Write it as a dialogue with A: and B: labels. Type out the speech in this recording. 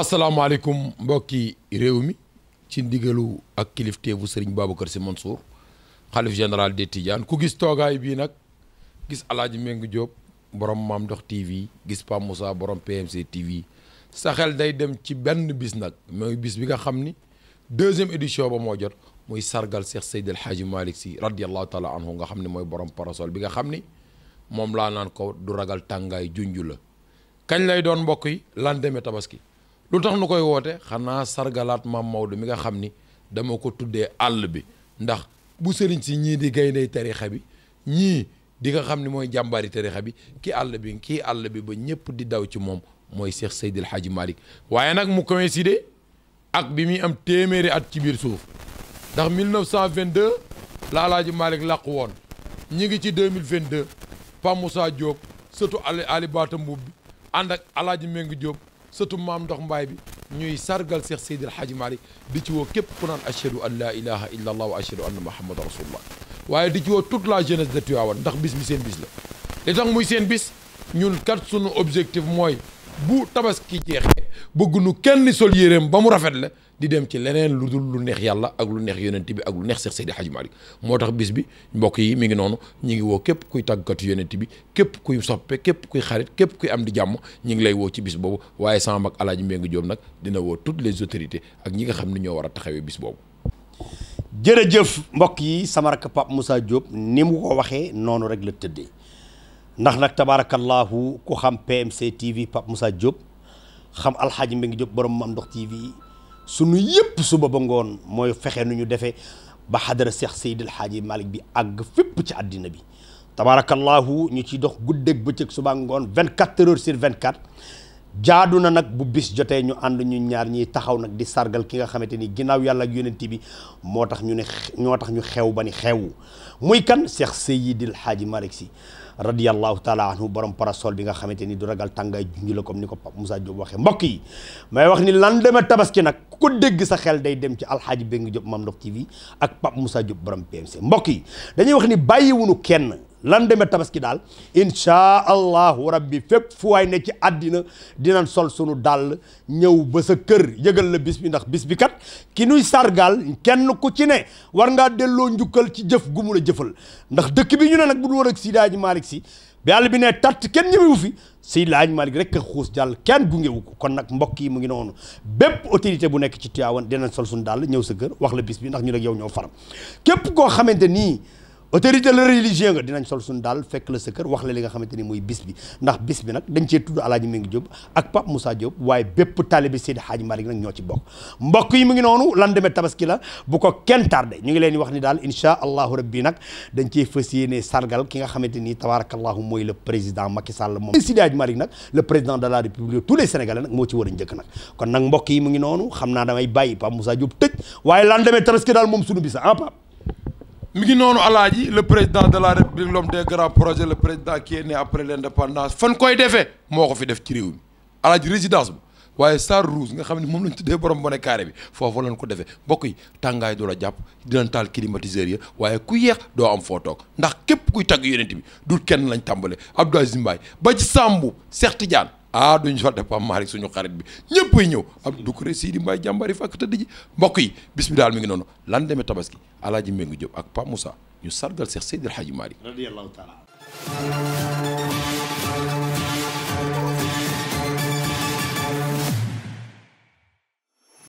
A: asalaamaaleykum mbokki réew mi ci ndigalu ak kilifteefu sëriñ Babacar Sy Mansour xalif général des Tidianes ku gis toogaay bii nag gis alaaji Meng Diop borom Maam Ndox TV gis Pam Moussa borom PMC TV sa xel day dem ci benn bis nag mooy bis bi nga xam ni deuxième édition ba moo jot muy sargal Cheikh Seydi El Hadji si Sy radiyallahu taala anhu nga xam ne mooy borom parasol bi nga xam ni moom laa naan ko du ragal tàngaay junju la kañ lay doon mbokk yi lendemain tabaski lu tax nu koy woote xanaa sargalaat maam Maodo mi nga xam ni dama ko tuddee àll bi ndax bu sëriñ si ñii di gaynde tarixa bi ñii di nga xam ni mooy jàmbaari tarixa bi ki àll bi kii àll bi ba ñëpp di daw ci moom mooy Cheikh Seydil Hadji Malick waaye nag mu coïncide ak bi muy am téeméeri at ci biir suuf ndax deux la Alaaji Malick làqu woon ñi ngi ci 2022 Pape Moussa Diop surtout Ali Ali Bata Mbuub bi ànd ak Alaaji Meng Diop sëtu maam ndox mbaay bi ñuy sargal Seex Seydil Hadji Malick di ci woo képp ku naan ashhadu an la ilaha illa allah wa ashhadu anna muhammadan rasulullah waaye di ci woo toute la jeunesse de Tivaouane ndax bis bi seen bis la li tax muy seen bis ñu kat sunu objectif mooy bu tabaski jeexee bëgg nu kenn sol yéreem ba mu rafet la di dem ci leneen lu dul lu neex yàlla ak lu neex yonent bi ak lu neex Seex Seydi Hadji Malick moo tax bis bi mbokk yi mi ngi noonu ñi ngi woo képp kuy tàggatu yonent bi képp kuy soppe képp kuy xarit képp kuy am di jàmm ñi ngi lay woo ci bis boobu waaye sama mag Alaaji Mbengue Diop nag dina woo toutes les autorités ak ñi nga xam ne ñoo
B: war a taxawee bis boobu jërëjëf mbokk yi sama rakk Pape Moussa Diop ni mu ko waxee noonu rek la tëddee ndax nag tabaarakallaahu ku xam PMC TV Pape Moussa Diop xam alxaaji Mbengue Diop borom Mame Ndokh TV sunu yëpp suba ba ngoon mooy fexe nu ñu defee ba xadara Seex Seydil Xaaji Malick bi àgg fépp ci àddina bi tabarakallahu ñu ci dox guddeeg bëccëg suba ngoon 24 heures sur 24 jaadu na nag bu bis jotee ñu ànd ñu ñaar ñiy taxaw nag di sargal ki nga xamante ni ginnaaw yàlla ak yonent bi moo tax ñu ne ñoo tax ñu xew ba ni xew muy kan Seex Seydil Xaaji Malick si radiyallahu taala anhu borom parasol bi nga xamante ni du ragal tàngaay junj la comme ni ko Pape Moussa Diop waxee mbokk yi may wax ni ku ko dégg sa xel day dem ci alxaaji Bengue Diop Mame Ndokh TV ak Pape Moussa Diop borom PMC mbokk yi dañuy wax ni bàyyiwunu kenn lan demee tabaski daal inchaa allahu rabbi fépp fu waay ne ci àddina dinañ sol sunu dàll ñëw ba sa kër yëgal la bis bi ndax bis bi kat ki nuy sargal kenn ku ci ne war ngaa delloo njukkal ci jëf gu jëfal ndax dëkk bi ñu ne nag bu dul woon ak Seydi Hadji Malick si bi yàlla bi ne tàtt kenn ñëwewu fi Seydi Hadji Malick rek xuus jàll kenn gungewu ko kon nag mbokk yi mu ngi noonu bépp autorité bu nekk ci Tivaouane dinañ sol sunu dàll ñëw sa kër wax la bis bi ndax ñu nag yow ñoo faram képp koo xamante nii autorité la religieux nga dinañ sol suñu daal fekk la sa kër wax la li nga xamante ni mooy bis bi ndax bis bi nag dañ ñoo ci bokk mbokk yi mu ngi noonu lendemain tabaski la bu ko kenn tardé ñu ngi leen di wax ni daal incha allahu rabbi nag dañ cee fas yéene sargal ki nga xamante ni tabarakallahu mooy le président Macky Sall moom Seydi Hadji Malick nag le président de la République tous les Sénégalais nag moo ci war njëkk nag kon nag mbokk mu ngi noonu xam naa damay bàyyi Pape Moussa Diop tëj waaye lendemain tabaski daal moom suñu bisa ah Pape
A: mu ngi noonu alaaji le président de la république l'homme des grands la le président qui est né après l'indépendance fan koy defee moo ko fi def ci réew mi alaaji résidence bu waaye Star Rouge nga xam ne moom lañ tuddee borom bonnet carré bi foofu lañ ko defee bokk yi tàngaay du la jàpp dinañ taal climatiseur yi waaye ku yeex doo am foo toog ndax képp kuy tagg yonent bi du kenn lañ tàmbale Abdou Aziz Mbaye ba ci Sambou Cheikh Tidiane ah duñ fatte Pape Malick suñu xarit bi ñëppay ñëw Abdou Kouré Sidi Mbaye jàmbaari fàkk tëdd ji mbokk yi bis bi daal mi ngi noonu lan demee tabaski alaaji Mbengue Diop ak Pape Moussa ñu sargal Seex Seydil Hadji Malick
B: radiyallahu taala